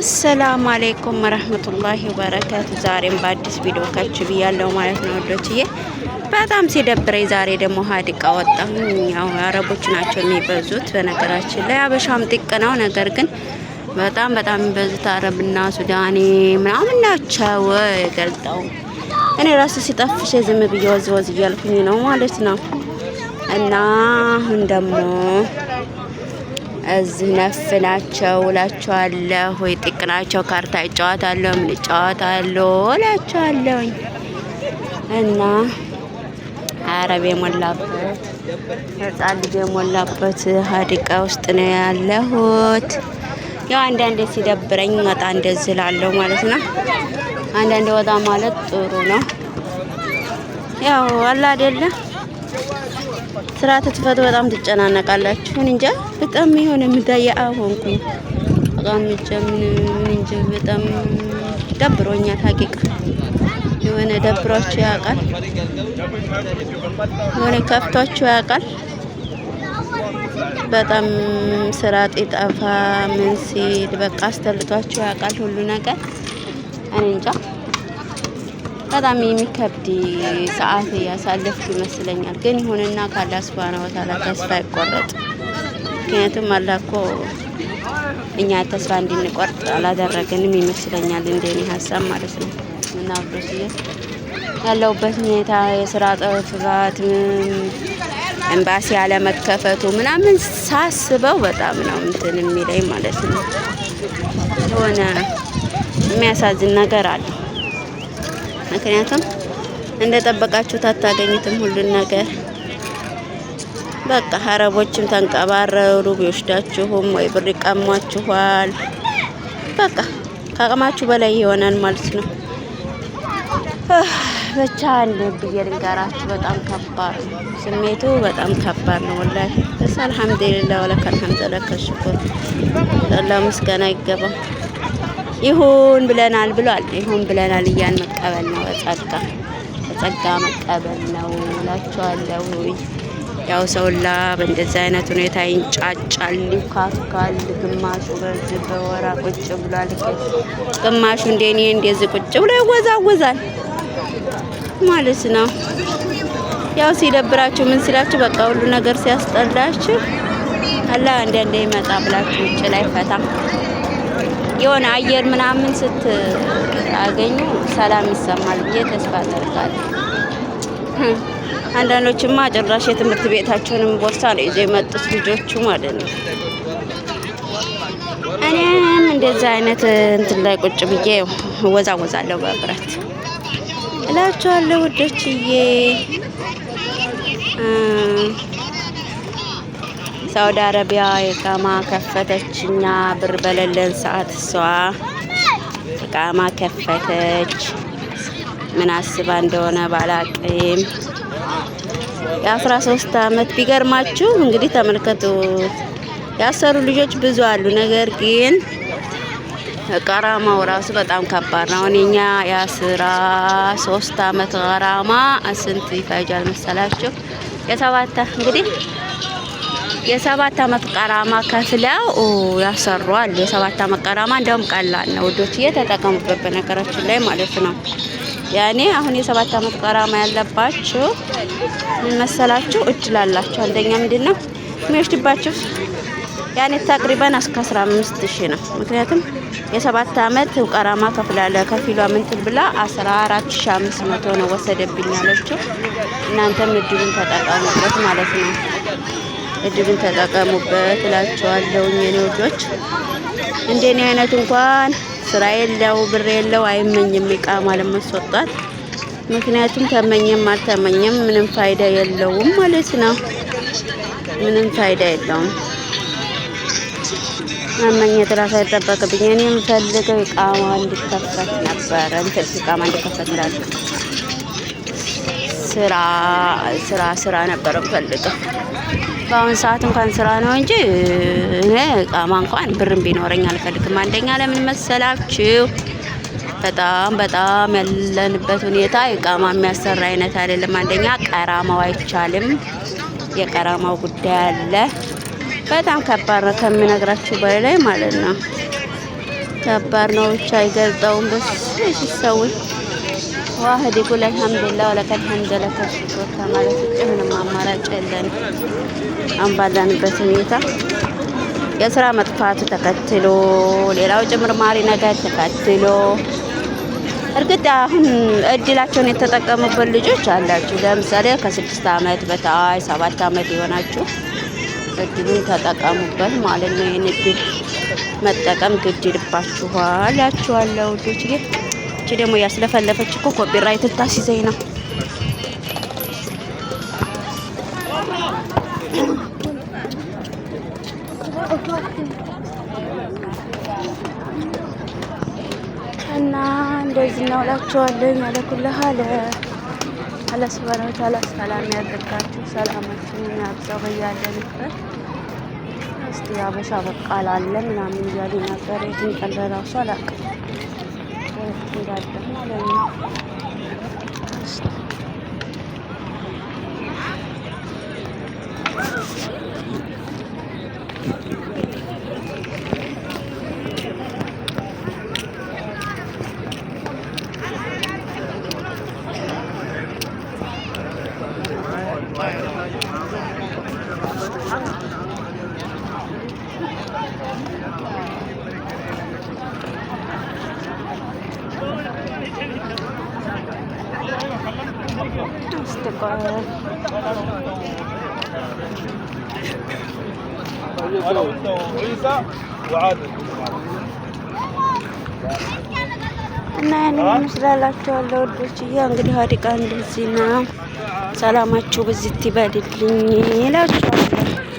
አሰላሙ አሌይኩም ረህመቱላሂ ወበረካቱ። ዛሬም በአዲስ ቪዲዮ ከች ብያለሁ ማለት ነው ወዶችዬ። በጣም ሲደብረኝ ዛሬ ደግሞ ሀዲቃ ወጣሁ። ያው አረቦች ናቸው የሚበዙት በነገራችን ላይ አበሻም ጥቅ ነው። ነገር ግን በጣም በጣም የሚበዙት አረብና ሱዳኔ ምናምን ናቸው። ገልጠው እኔ ራሱ ሲጠፍሽ ዝም ብዬ ወዝ ወዝ እያልኩኝ ነው ማለት ነው እና አሁን ደግሞ እዚህ ነፍ ናቸው እላቸዋለሁ። ወይ ጥቅ ናቸው። ካርታ ይጫወታለሁ፣ ምን ይጫወታለሁ እላቸዋለሁኝ እና አረብ የሞላበት ህጻን ልጅ የሞላበት ሀዲቃ ውስጥ ነው ያለሁት። ያው አንዳንዴ ሲደብረኝ ወጣ እንደዚህ እላለሁ ማለት ነው። አንዳንዴ ወጣ ማለት ጥሩ ነው። ያው አላ አይደለም ስራ ትፈቱ በጣም ትጨናነቃላችሁ። ምን እንጃ በጣም የሆነ ምዳያ ሆንኩኝ። በጣም ምን እንጃ በጣም ደብሮኛ ታቂቅ የሆነ ደብሯችሁ ያውቃል፣ የሆነ ከፍቷችሁ ያውቃል። በጣም ስራ ጤጣፋ ምን ሲል በቃ አስተልቷችሁ ያውቃል ሁሉ ነገር እኔ እንጃ በጣም የሚከብድ ሰዓት ያሳለፍኩ ይመስለኛል። ግን ይሁንና ከአላህ ሱብሃነሁ ወታላ ተስፋ ይቆረጥ። ምክንያቱም አላኮ እኛ ተስፋ እንድንቆርጥ አላደረገንም ይመስለኛል፣ እንደኔ ሀሳብ ማለት ነው። እና ያለውበት ሁኔታ የስራ ጥፍባት ኤምባሲ ያለመከፈቱ ምናምን ሳስበው በጣም ነው እንትን የሚለኝ ማለት ነው። የሆነ የሚያሳዝን ነገር አለ። ምክንያቱም እንደ እንደጠበቃችሁት አታገኙትም ሁሉን ነገር። በቃ ሀረቦችም ተንቀባረሩ፣ ቢወስዳችሁም ወይ ብር ይቀሟችኋል። በቃ ከአቅማችሁ በላይ ይሆናል ማለት ነው። ብቻ እንዴት ብዬ ልንገራችሁ? በጣም ከባድ ነው ስሜቱ፣ በጣም ከባድ ነው ወላሂ። በስ አልሐምዱሊላህ ወለከ አልሐምዱ ለከ ሽኩር ምስጋና ይገባል። ይሁን ብለናል ብሏል። ይሁን ብለናል እያን መቀበል ነው በጸጋ በጸጋ መቀበል ነው እላችኋለሁ። ያው ሰውላ በእንደዚህ አይነት ሁኔታ ይንጫጫል፣ ይካካል። ግማሹ በዚህ በወራ ቁጭ ብሏል፣ ግማሹ እንደኔ እንደዚህ ቁጭ ብሎ ይወዛወዛል ማለት ነው። ያው ሲደብራችሁ ምን ሲላችሁ በቃ ሁሉ ነገር ሲያስጠላችሁ አላ አንዳንዴ ይመጣ ብላችሁ ውጭ ላይ ፈታ የሆነ አየር ምናምን ስታገኙ ሰላም ይሰማል ብዬ ተስፋ አደርጋለሁ። አንዳንዶችማ ጭራሽ የትምህርት ቤታቸውንም ቦርሳ ነው ይዞ የመጡት ልጆቹ ማለት ነው። እኔም እንደዚህ አይነት እንትን ላይ ቁጭ ብዬ እወዛወዛለሁ በብረት እላቸዋለሁ ውዶችዬ። ሳውዲ አረቢያ የቃማ ከፈተች። እኛ ብር በሌለን ሰዓት እሷ የቃማ ከፈተች። ምን አስባ እንደሆነ ባላቅም የአስራ ሶስት አመት ቢገርማችሁ እንግዲህ ተመልከቱ። ያሰሩ ልጆች ብዙ አሉ። ነገር ግን ቀራማው ራሱ በጣም ከባድ ነው። አሁን የኛ የአስራ ሶስት አመት ቀራማ ስንት ይፈጃል መሰላችሁ? የሰባት እንግዲህ የሰባት አመት ቀራማ ከፍለው ያሰሯል። የሰባት አመት ቀራማ እንደውም ቀላል ነው ውዶች፣ እየተጠቀሙበት በነገራችን ላይ ማለት ነው። ያኔ አሁን የሰባት አመት ቀራማ ያለባችሁ ምን መሰላችሁ? እድል አንደኛ ምንድን ነው የሚወስድባችሁ? ያኔ ተቅሪበን እስከ 15 ሺ ነው። ምክንያቱም የሰባት አመት ቀራማ ከፍላለ ከፊሏ ምንትል ብላ 500 ነው ወሰደብኝ አለችው። እናንተም እድሉን ተጠቀሙበት ማለት ነው። እድሉን ተጠቀሙበት እላቸዋለሁ። የኔ ወዶች እንደኔ አይነት እንኳን ስራ የለው ብር የለው አይመኝም ኢቃማ ለማስወጣት። ምክንያቱም ተመኘም አልተመኘም ምንም ፋይዳ የለውም ማለት ነው። ምንም ፋይዳ የለውም። መመኘት እራሱ አይጠበቅብኝ። እኔ የምፈልገው ይቃማ እንድከፈት ነበረ እንትን ኢቃማ እንዲከፈት ላለ ስራ ስራ ስራ ነበረ የምፈልገው በአሁን ሰዓት እንኳን ስራ ነው እንጂ እኔ እቃማ እንኳን ብርም ቢኖረኝ አልፈልግም። አንደኛ ለምን መሰላችሁ? በጣም በጣም ያለንበት ሁኔታ እቃማ የሚያሰራ አይነት አይደለም። አንደኛ ቀራማው አይቻልም። የቀራማው ጉዳይ አለ። በጣም ከባድ ነው ከምነግራችሁ በላይ ማለት ነው። ከባድ ነው ብቻ አይገልጠውም። በስ ሰዎች ዋህድ ይቁል አልሐምዱሊላህ ወለቀል ሐምድ ለከ ሽኩር ከማለት ውጭ ምንም አማራጭ የለንም። አሁን ባለንበት ሁኔታ የስራ መጥፋቱ ተከትሎ ሌላው ጭምርማሪ ነገር ተከትሎ እርግጥ አሁን እድላቸውን የተጠቀሙበት ልጆች አላችሁ። ለምሳሌ ከስድስት አመት በታች ሰባት አመት የሆናችሁ እድሉን ተጠቀሙበት ማለት ነው። ይህን እድል መጠቀም ግድ ይልባችኋል ያችኋለሁ ልጆች ያቺ ደግሞ ያስለፈለፈች እኮ ኮፒራይት ታስይዘኝ ነው። እና እንደዚህ ነው እላችኋለሁ። ያለኩልህ አለ አላ ስብሃነሁ ወተዓላ ሰላም ያድርጋችሁ። ሰላማችሁን ያብዛው በያለንበት። እስቲ አበሻ በቃ ላለ ምናምን እያሉ ነበር። የትን ቀን ለራሱ አላውቅም 对啊。እና ያንን ይመስላላችኋለሁ ወዶችዬ። እንግዲህ ሀዲቃ እንደዚህ ነው። ሰላማችሁ ብዝት ይበልልኝ ይላችኋለሁ።